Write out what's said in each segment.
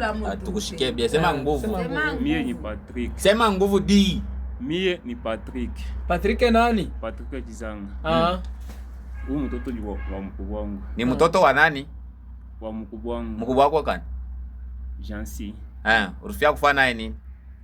Ah, tukushikia bia. Eh, sema nguvu. Mie ni Patrick. Sema nguvu di. Mie ni Patrick. Patrick nani? Patrick Kizanga. Ah. Hmm. Huyu mtoto ni wa mkubwa wangu. Ni mtoto wa nani? Wa mkubwa wangu. Mkubwa wako kani? Jansi. Eh, urufia kufana naye nini?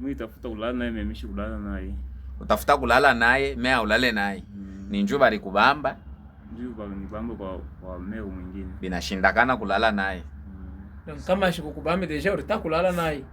Mimi tafuta kulala naye, mimi mishi kulala naye. Utafuta kulala naye, mimi ulale naye. Mm. Ni njuba likubamba. Njuba ni bamba kwa kwa meo mwingine. Binashindakana kulala naye. Donc kama ashikukubamu deja kulala naye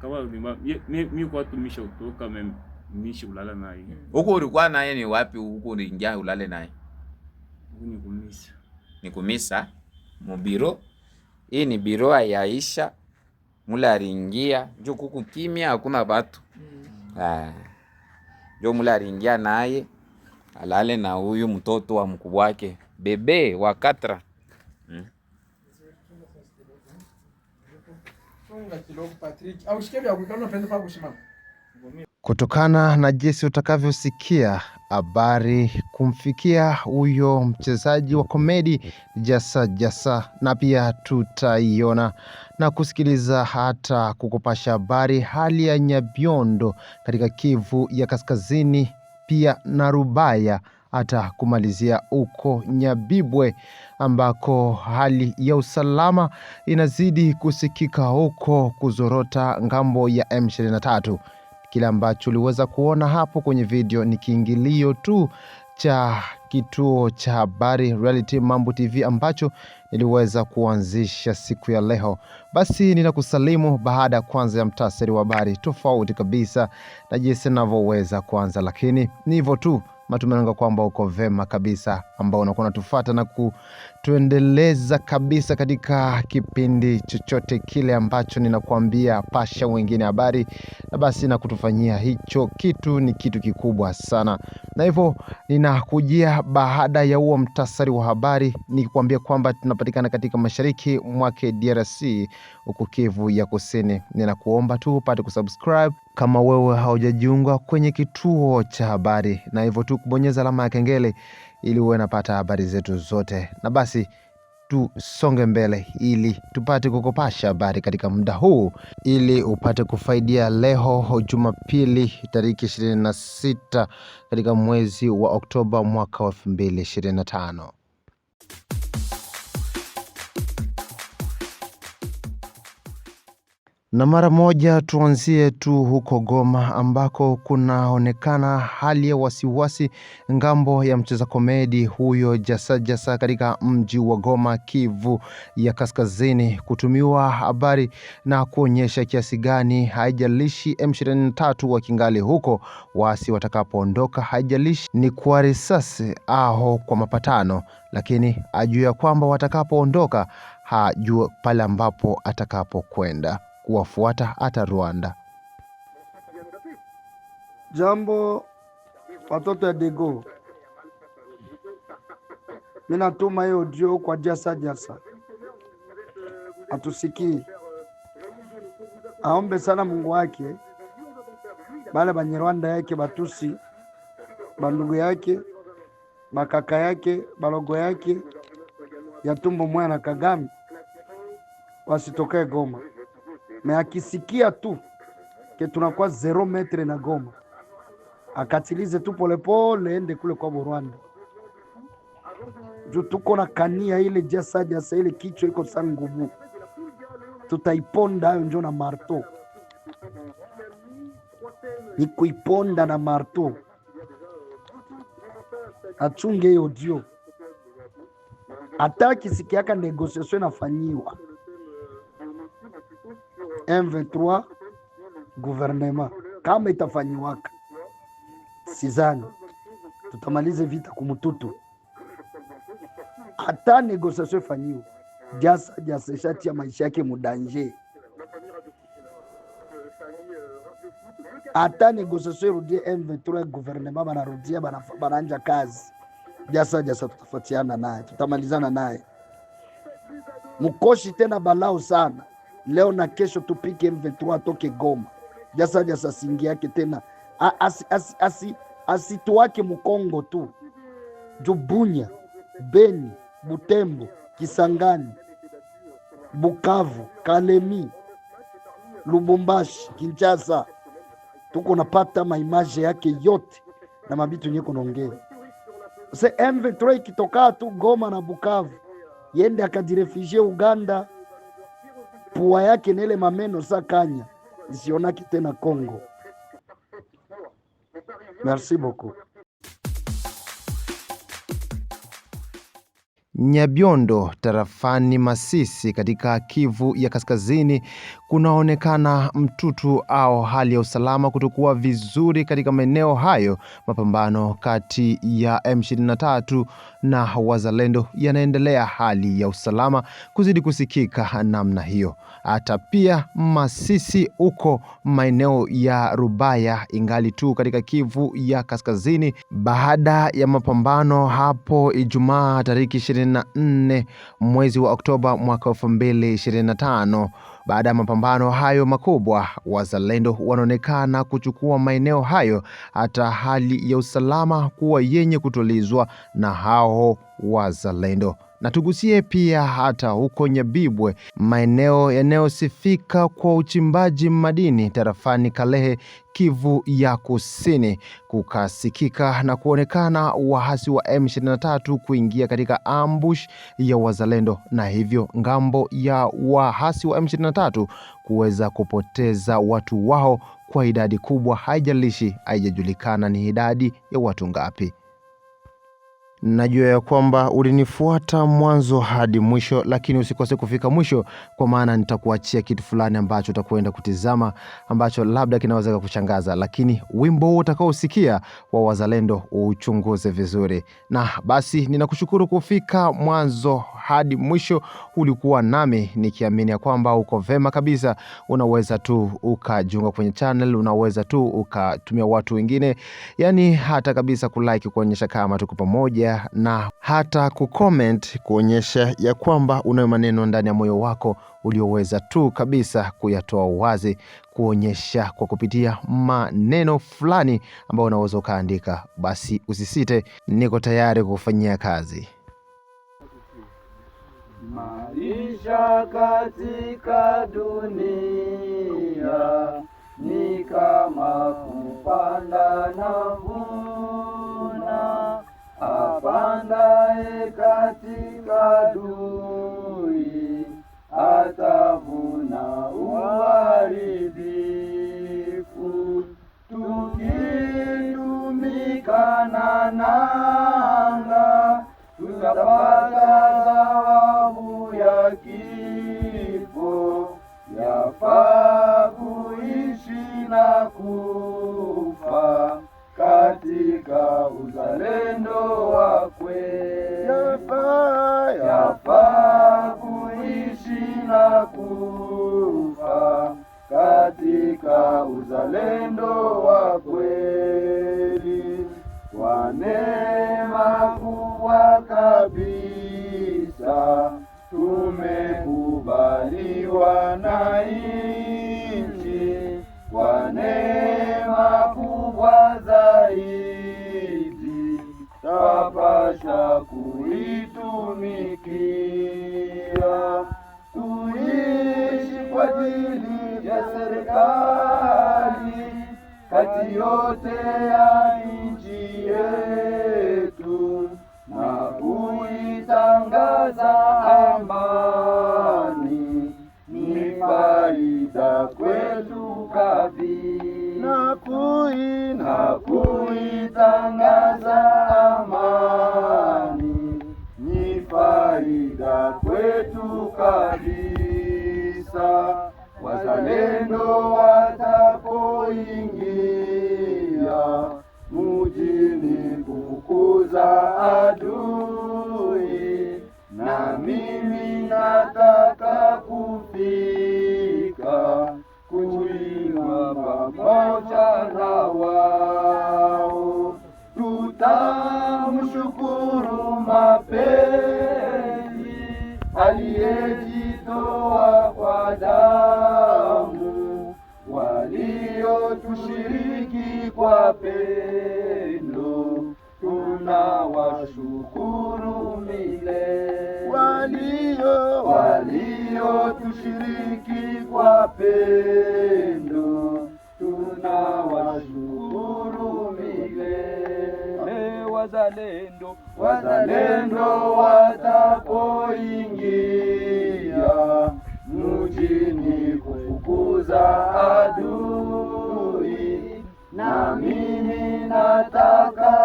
kama mimi mimi kwa tumisha utoka mimi mishi ulala naye mm. huko. Ulikuwa naye ni wapi huko uliingia ulale naye? Ni kumisa, ni kumisa mubiro. Hii ni biro ayaisha mula aringia njo kuku kimya, hakuna batu mm. Ah. Njo mula aringia naye alale na huyu mtoto wa mkubwa wake bebe wa katra Kutokana na jinsi utakavyosikia habari kumfikia huyo mchezaji wa komedi Jasa Jasa, na pia tutaiona na kusikiliza hata kukupasha habari hali ya Nyabiondo katika Kivu ya Kaskazini, pia na Rubaya hata kumalizia huko Nyabibwe ambako hali ya usalama inazidi kusikika huko kuzorota ngambo ya M23. Kile ambacho uliweza kuona hapo kwenye video ni kiingilio tu cha kituo cha habari Reality Mambo TV ambacho niliweza kuanzisha siku ya leo. Basi ninakusalimu baada ya kwanza ya mtasari wa habari tofauti kabisa na jinsi ninavyoweza kuanza, lakini ni hivyo tu matumaini kwamba uko vema kabisa, ambao unakuwa unatufuata na kutuendeleza kabisa katika kipindi chochote kile ambacho ninakuambia, pasha wengine habari, na basi na kutufanyia hicho kitu ni kitu kikubwa sana, na hivyo ninakujia baada ya huo mtasari wa habari nikikwambia kwamba tunapatikana katika mashariki mwake DRC, huko Kivu ya Kusini. Ninakuomba tu upate kusubscribe kama wewe haujajiunga kwenye kituo cha habari, na hivyo tu kubonyeza alama ya kengele ili uwe napata habari zetu zote, na basi tusonge mbele ili tupate kukopasha habari katika muda huu, ili upate kufaidia leho Jumapili tariki 26 katika mwezi wa Oktoba mwaka wa 2025. Na mara moja tuanzie tu huko Goma ambako kunaonekana hali ya wasiwasi ngambo ya mcheza komedi huyo Jasa Jasa katika mji wa Goma, Kivu ya Kaskazini, kutumiwa habari na kuonyesha kiasi gani haijalishi M23 kingali huko, waasi watakapoondoka haijalishi ni kwa risasi aho kwa mapatano, lakini ajua ya kwamba watakapoondoka hajua pale ambapo atakapokwenda kuwafuata hata Rwanda. Jambo watoto ya Dego, minatuma hiyo audio kwa Jasa. Jasa atusikii, aombe sana Mungu wake bale Banyarwanda yake Batusi, bandugu yake, makaka yake, balogo yake Yatumbo Mwana Kagame wasitokee Goma me akisikia tu ke tunakuwa zero metre na Goma, akatilize tu polepole ende kule kwa Burwanda juu tuko na kania ile jasa jasa ile kichwa iko sana nguvu, tutaiponda hayo njo na marto, ni kuiponda na marto. Achunge hiyo dio, hata akisikiaka negosiasio inafanyiwa M23 gouvernement kama itafanyiwaka, sizani tutamalize vita kumututu hata negosiasio ifanyiwe. Jasa jasa ishatia maisha yake mudanje, hata negosiasio irudie. M23 gouvernement banarudia, bananja kazi. Jasa jasa tutafuatiana naye, tutamalizana naye. Mkoshi tena balau sana leo na kesho tupike M23 atoke Goma, jasaja singi yake tena asituake asi, asi, asi Mukongo tu Jubunya, Beni, Butembo, Kisangani, Bukavu, Kalemi, Lubumbashi, Kinshasa, tuko napata maimaje yake yote na mabitu nyeko naongea se M23 ikitokaa tu Goma na Bukavu yende akajirefugie Uganda pua yake na ile mameno sa kanya isionaki tena Kongo. Merci beaucoup. Nyabiondo tarafani Masisi katika Kivu ya Kaskazini, kunaonekana mtutu au hali ya usalama kutokuwa vizuri katika maeneo hayo. Mapambano kati ya M23 na wazalendo yanaendelea, hali ya usalama kuzidi kusikika namna hiyo. Hata pia Masisi huko maeneo ya Rubaya ingali tu katika Kivu ya Kaskazini, baada ya mapambano hapo Ijumaa tariki 24 mwezi wa Oktoba mwaka 2025 baada ya mapambano hayo makubwa, wazalendo wanaonekana kuchukua maeneo hayo, hata hali ya usalama kuwa yenye kutulizwa na hao wazalendo na tugusie pia hata huko Nyabibwe, maeneo yanayosifika kwa uchimbaji madini tarafani Kalehe, Kivu ya Kusini, kukasikika na kuonekana waasi wa M23 kuingia katika ambush ya wazalendo, na hivyo ngambo ya waasi wa M23 kuweza kupoteza watu wao kwa idadi kubwa, haijalishi haijajulikana ni idadi ya watu ngapi. Najua ya kwamba ulinifuata mwanzo hadi mwisho, lakini usikose kufika mwisho, kwa maana nitakuachia kitu fulani ambacho utakwenda kutizama ambacho labda kinaweza kukushangaza. Lakini wimbo huu utakaosikia wa Wazalendo uuchunguze vizuri, na basi ninakushukuru kufika mwanzo hadi mwisho ulikuwa nami, nikiamini ya kwamba uko vema kabisa. Unaweza tu ukajiunga kwenye channel, unaweza tu ukatumia watu wengine, yani hata kabisa kulike kuonyesha kama tuko pamoja, na hata kucomment kuonyesha ya kwamba unayo maneno ndani ya moyo wako ulioweza tu kabisa kuyatoa wazi, kuonyesha kwa kupitia maneno fulani ambayo unaweza ukaandika. Basi usisite, niko tayari kufanyia kazi. Maisha katika dunia ni kama kupanda na kuvuna. Apandaye katika dui atavuna uharibifu. Tukitumikana nanga tutapata wazalendo wa kweli, kwa neema kubwa kabisa tumekubaliwa na nchi, kwa neema kubwa zaidi tapasha kuitumikia. yote ya nchi yetu na kuitangaza amani, ni faida kwetu kabisa na kuitangaza amani, ni faida kwetu kabisa wazalendo za adui, na mimi nataka kufika kujiwa pamoja na wao, tutamshukuru mapenzi aliyejitoa kwa damu waliotushiriki kwa pe kushiriki kwa pendo, tunawashukuru milele. Wazalendo, wazalendo watapoingia mjini kufukuza adui, na mimi nataka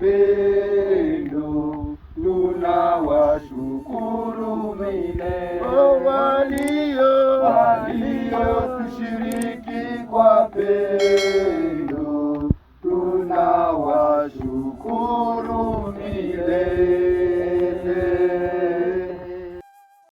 Be